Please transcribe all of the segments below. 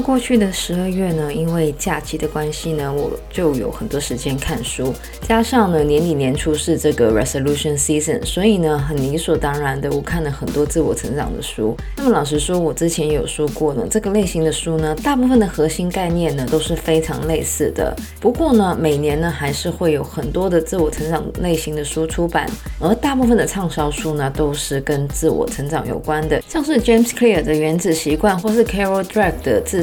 過去的十二月呢，因為假期的關係呢，我就有很多時間看書。加上呢，年底年初是這個 resolution season，所以呢，很理所當然的，我看了很多自我成長的書。那麼，老實說，我之前也有說過呢，這個類型的書呢，大部分的核心概念呢都是非常類似的。不過呢，每年呢還是會有很多的自我成長類型的書出版，而大部分的暢銷書呢都是跟自我成長有關的，像是 James Clear 的《原子習慣》，或是 Carol Dweck 的自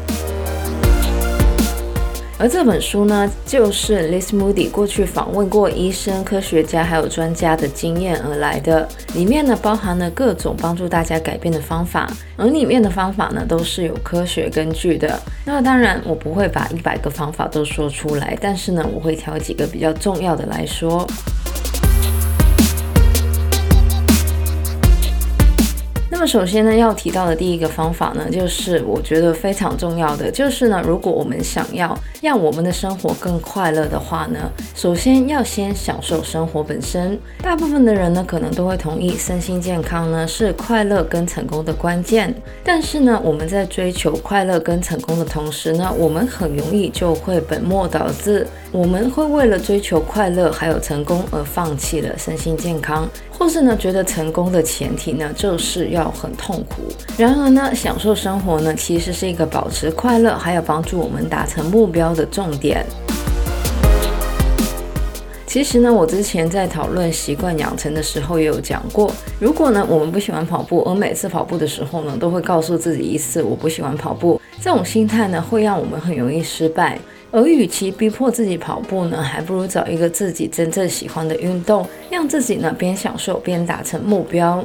而這本書呢，就是 Liz Moody 過去訪問過醫生、科學家還有專家的經驗而來的。裡面呢，包含了各種幫助大家改變的方法，而裡面的方法呢，都是有科學根據的。那當然我不會把一百個方法都說出來，但是呢，我會挑幾個比較重要的來說。那麼首先呢，要提到的第一個方法呢，就是我覺得非常重要的，就是呢，如果我們想要讓我們的生活更快樂的話呢，首先要先享受生活本身。大部分的人呢，可能都會同意，身心健康呢是快樂跟成功的關鍵。但是呢，我們在追求快樂跟成功的同時呢，我們很容易就會本末倒置，我們會為了追求快樂還有成功而放棄了身心健康，或是呢，覺得成功的前提呢就是要。很痛苦。然而呢，享受生活呢，其實是一個保持快樂，還有幫助我們達成目標的重點。其實呢，我之前在討論習慣養成的時候也有講過，如果呢我們不喜歡跑步，而每次跑步的時候呢，都會告訴自己一次我不喜歡跑步，這種心態呢，會讓我們很容易失敗。而與其逼迫自己跑步呢，還不如找一個自己真正喜歡的運動，讓自己呢邊享受邊達成目標。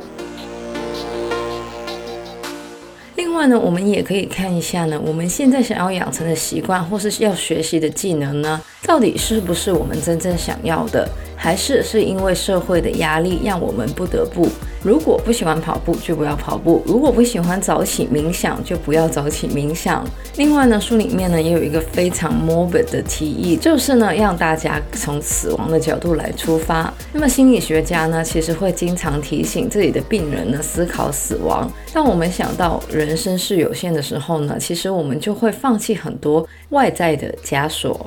另外呢，我們也可以看一下呢，我們現在想要養成的習慣，或是要學習的技能呢，到底是不是我們真正想要的？還是是因為社會的壓力，讓我們不得不。如果不喜歡跑步，就不要跑步；如果不喜歡早起冥想，就不要早起冥想。另外呢，書裡面呢也有一個非常 morbid 的提議，就是呢讓大家從死亡的角度來出發。那麼心理學家呢，其實會經常提醒自己的病人呢思考死亡。當我們想到人生是有限的時候呢，其實我們就會放棄很多外在的枷鎖。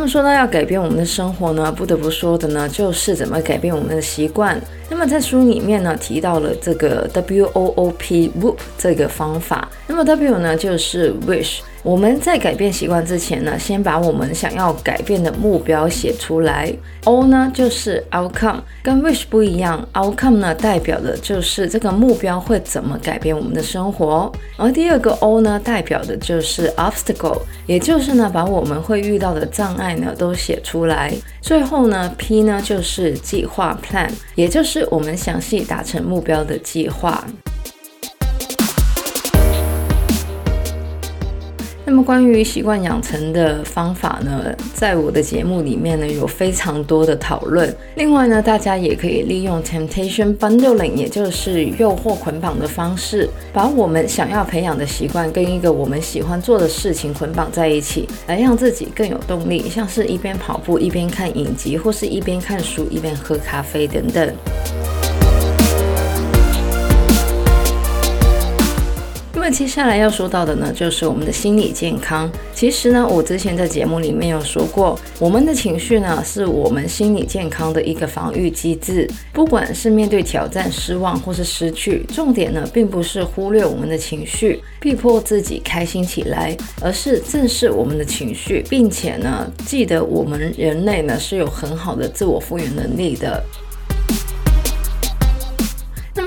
那麼說到要改變我們的生活呢，不得不說的呢，就是怎麼改變我們的習慣。那麼在書裡面呢，提到了這個 W O O P Whoop 這個方法。那麼 W 呢，就是 Wish。我們在改變習慣之前呢，先把我們想要改變的目標寫出來。O 呢就是 outcome，跟 wish 不一樣，outcome 呢代表的就是這個目標會怎麼改變我們的生活。而第二個 O 呢代表的就是 obstacle，也就是呢把我們會遇到的障礙呢都寫出來。最後呢 P 呢就是計劃 plan，也就是我們詳細達成目標的計劃。那麼關於習慣養成的方法呢，在我的節目裡面呢，有非常多的討論。另外呢，大家也可以利用 temptation bundling，也就是誘惑捆綁的方式，把我們想要培養的習慣跟一個我們喜歡做的事情捆綁在一起，來讓自己更有動力，像是一邊跑步，一邊看影集，或是一邊看書，一邊喝咖啡等等。那接下來要說到的呢，就是我們的心理健康。其實呢，我之前在節目裡面有說過，我們的情緒呢，是我們心理健康的一個防禦機制。不管是面對挑戰、失望或是失去，重點呢，並不是忽略我們的情緒，逼迫自己開心起來，而是正視我們的情緒，並且呢，記得我們人類呢是有很好的自我復原能力的。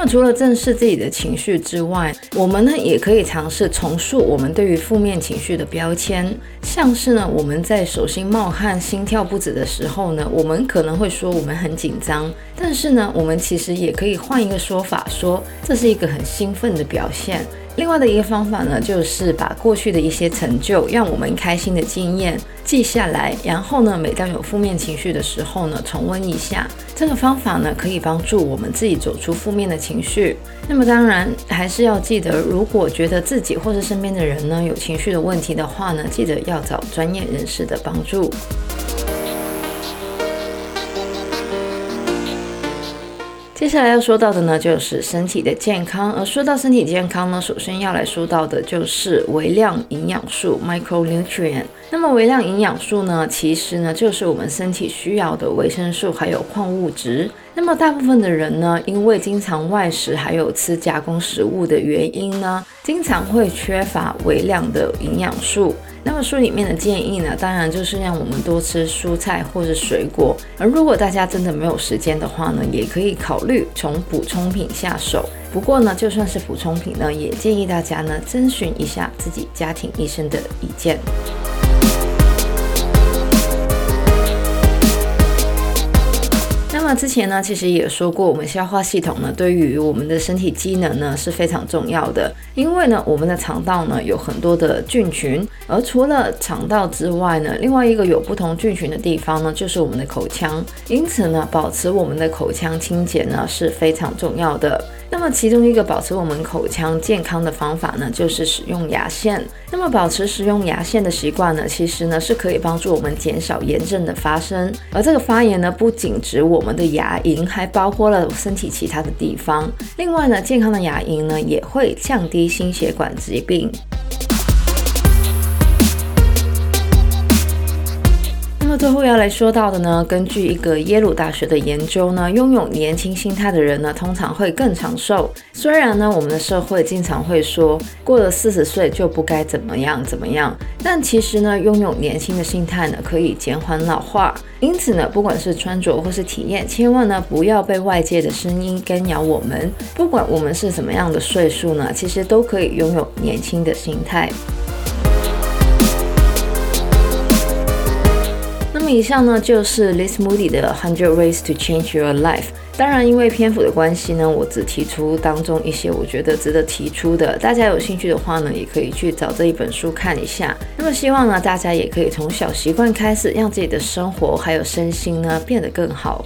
那除了正視自己的情緒之外，我們呢也可以嘗試重塑我們對於負面情緒的標籤。像是呢，我們在手心冒汗、心跳不止的時候呢，我們可能會說我們很緊張，但是呢，我們其實也可以換一個說法說，說這是一個很興奮的表現。另外的一個方法呢，就是把過去的一些成就、讓我們開心的經驗記下來，然後呢，每當有負面情緒的時候呢，重溫一下。這個方法呢，可以幫助我們自己走出負面的情緒。那麼，當然還是要記得，如果覺得自己或是身邊的人呢有情緒的問題的話呢，記得要找專業人士的幫助。接下來要說到的呢，就是身體的健康。而說到身體健康呢，首先要來說到的就是微量營養素 （micronutrient）。那麼，微量營養素呢，其實呢，就是我們身體需要的維生素還有礦物質。那麼大部分的人呢，因為經常外食，還有吃加工食物的原因呢，經常會缺乏微量的營養素。那麼書裡面的建議呢，當然就是讓我們多吃蔬菜或是水果。而如果大家真的沒有時間的話呢，也可以考慮從補充品下手。不過呢，就算是補充品呢，也建議大家呢，徵詢一下自己家庭醫生的意見。那之前呢，其實也說過，我們消化系統呢，對於我們的身體機能呢是非常重要的。因為呢，我們的腸道呢有很多的菌群，而除了腸道之外呢，另外一個有不同菌群的地方呢，就是我們的口腔。因此呢，保持我們的口腔清潔呢是非常重要的。那麼，其中一個保持我們口腔健康的方法呢，就是使用牙線。那麼，保持使用牙線的習慣呢，其實呢是可以幫助我們減少炎症的發生。而這個發炎呢，不僅指我們的牙齦，還包括了身體其他的地方。另外呢，健康的牙齦呢，也會降低心血管疾病。那最後要來說到的呢，根據一個耶魯大學的研究呢，擁有年輕心態的人呢，通常會更長壽。雖然呢，我們的社會經常會說，過了四十歲就不該怎麼樣怎麼樣，但其實呢，擁有年輕的心態呢，可以減緩老化。因此呢，不管是穿着或是體驗，千萬呢不要被外界的聲音干擾我們。不管我們是什麼樣的歲數呢，其實都可以擁有年輕的心態。以上呢就是 Liz Moody 的《100 Ways to Change Your Life》。當然，因為篇幅的關係呢，我只提出當中一些我覺得值得提出的。大家有興趣的話呢，也可以去找這一本書看一下。那麼，希望呢，大家也可以從小習慣開始，讓自己的生活還有身心呢變得更好。